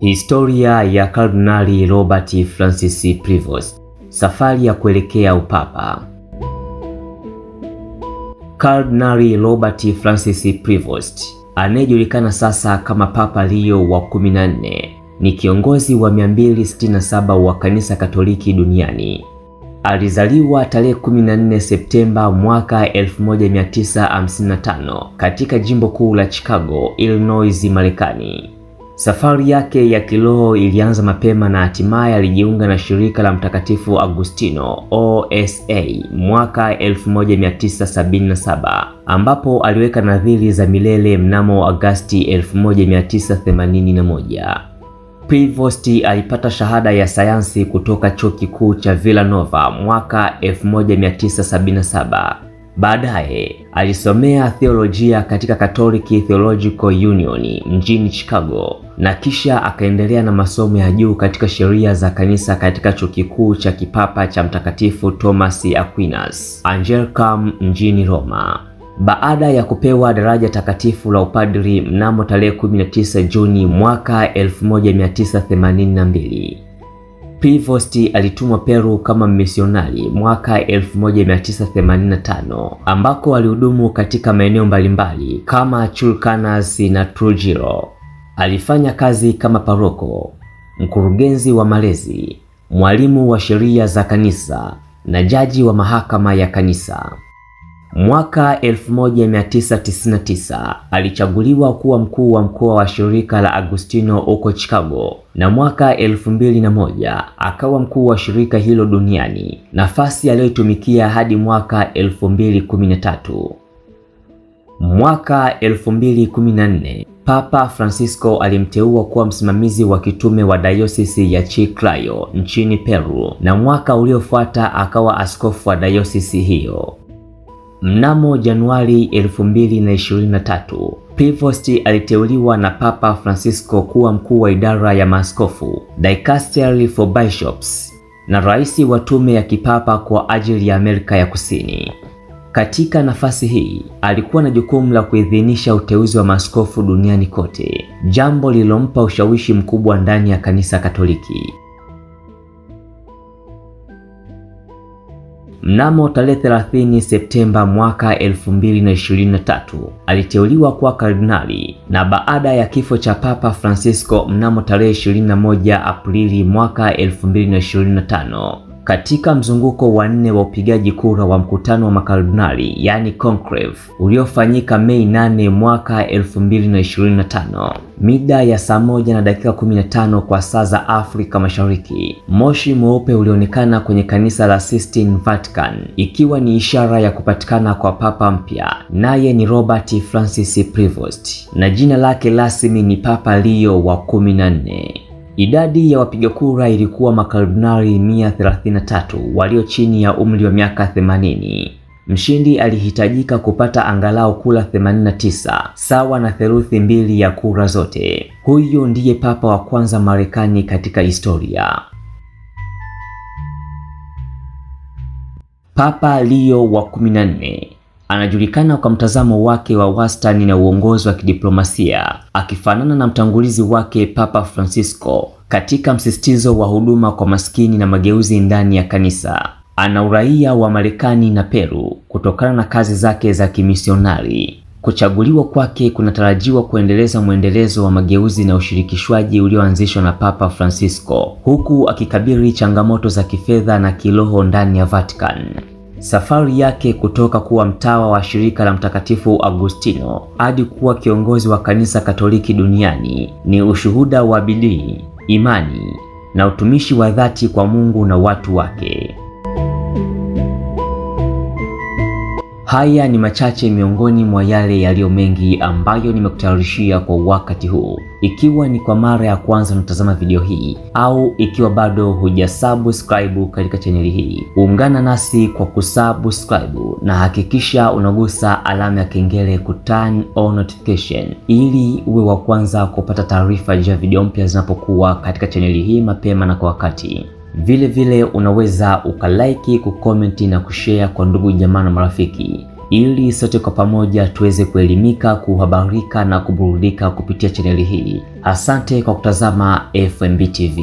Historia ya Kardinali Robert Francis Prevost, safari ya kuelekea upapa. Kardinali Robert Francis Prevost anayejulikana sasa kama Papa Leo wa 14 ni kiongozi wa 267 wa kanisa Katoliki duniani. Alizaliwa tarehe 14 Septemba mwaka 1955 katika jimbo kuu la Chicago, Illinois, Marekani. Safari yake ya kiroho ilianza mapema na hatimaye alijiunga na shirika la Mtakatifu Agustino OSA mwaka 1977 ambapo aliweka nadhiri za milele mnamo Agasti 1981. Prevost alipata shahada ya sayansi kutoka Chuo Kikuu cha Villanova mwaka 1977 Baadaye alisomea theolojia katika Catholic Theological Union mjini Chicago na kisha akaendelea na masomo ya juu katika sheria za kanisa katika chuo kikuu cha kipapa cha Mtakatifu Thomas Aquinas Angelicum mjini Roma. Baada ya kupewa daraja takatifu la upadri mnamo tarehe 19 Juni mwaka 1982 Prevost alitumwa Peru kama misionari mwaka 1985 ambako alihudumu katika maeneo mbalimbali kama Chulcanas na Trujillo. Alifanya kazi kama paroko, mkurugenzi wa malezi, mwalimu wa sheria za kanisa na jaji wa mahakama ya kanisa. Mwaka 1999 alichaguliwa kuwa mkuu wa mkoa wa shirika la Agustino huko Chicago na mwaka 2001 akawa mkuu wa shirika hilo duniani, nafasi aliyoitumikia hadi mwaka 2013. Mwaka 2014 Papa Francisco alimteua kuwa msimamizi wa kitume wa dayosisi ya Chiclayo nchini Peru na mwaka uliofuata akawa askofu wa dayosisi hiyo. Mnamo Januari 2023, Prevost aliteuliwa na Papa Francisco kuwa mkuu wa idara ya maaskofu, Dicastery for Bishops, na rais wa tume ya kipapa kwa ajili ya Amerika ya Kusini. Katika nafasi hii alikuwa na jukumu la kuidhinisha uteuzi wa maaskofu duniani kote, jambo lililompa ushawishi mkubwa ndani ya kanisa Katoliki. Mnamo tarehe 30 Septemba mwaka 2023 aliteuliwa kuwa kardinali na baada ya kifo cha Papa Francisco mnamo tarehe 21 Aprili mwaka 2025 katika mzunguko wa nne wa upigaji kura wa mkutano wa makardinali yaani conclave uliofanyika Mei 8 mwaka 2025 mida ya saa moja na dakika 15 kwa saa za Afrika Mashariki, moshi mweupe ulionekana kwenye kanisa la Sistine Vatican, ikiwa ni ishara ya kupatikana kwa papa mpya, naye ni Robert Francis Prevost na jina lake rasmi ni Papa Leo wa 14. Idadi ya wapiga kura ilikuwa makardinali 133 walio chini ya umri wa miaka 80. Mshindi alihitajika kupata angalau kura 89 sawa na theluthi mbili ya kura zote. Huyo ndiye papa wa kwanza Marekani katika historia. Papa Leo wa 14 Anajulikana kwa mtazamo wake wa wastani na uongozi wa kidiplomasia, akifanana na mtangulizi wake Papa Francisco katika msisitizo wa huduma kwa maskini na mageuzi ndani ya kanisa. Ana uraia wa Marekani na Peru kutokana na kazi zake za kimisionari. Kuchaguliwa kwake kunatarajiwa kuendeleza mwendelezo wa mageuzi na ushirikishwaji ulioanzishwa na Papa Francisco, huku akikabili changamoto za kifedha na kiroho ndani ya Vatican. Safari yake kutoka kuwa mtawa wa shirika la Mtakatifu Agustino hadi kuwa kiongozi wa kanisa Katoliki duniani ni ushuhuda wa bidii, imani na utumishi wa dhati kwa Mungu na watu wake. Haya ni machache miongoni mwa yale yaliyo mengi ambayo nimekutayarishia kwa wakati huu. Ikiwa ni kwa mara ya kwanza unatazama video hii au ikiwa bado hujasubscribe katika chaneli hii, ungana nasi kwa kusubscribe na hakikisha unagusa alama ya kengele ku turn on notification ili uwe wa kwanza kupata taarifa juu ya video mpya zinapokuwa katika chaneli hii mapema na kwa wakati. Vile vile unaweza ukalaiki, kukomenti na kushare kwa ndugu jamaa na marafiki, ili sote kwa pamoja tuweze kuelimika, kuhabarika na kuburudika kupitia chaneli hii. Asante kwa kutazama FMB TV.